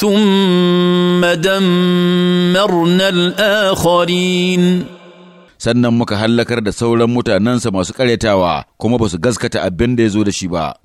ثم دمرنا الآخرين sannan muka hallakar da sauran mutanensa masu ƙaryatawa kuma ba su gaskata abin da ya zo da shi ba.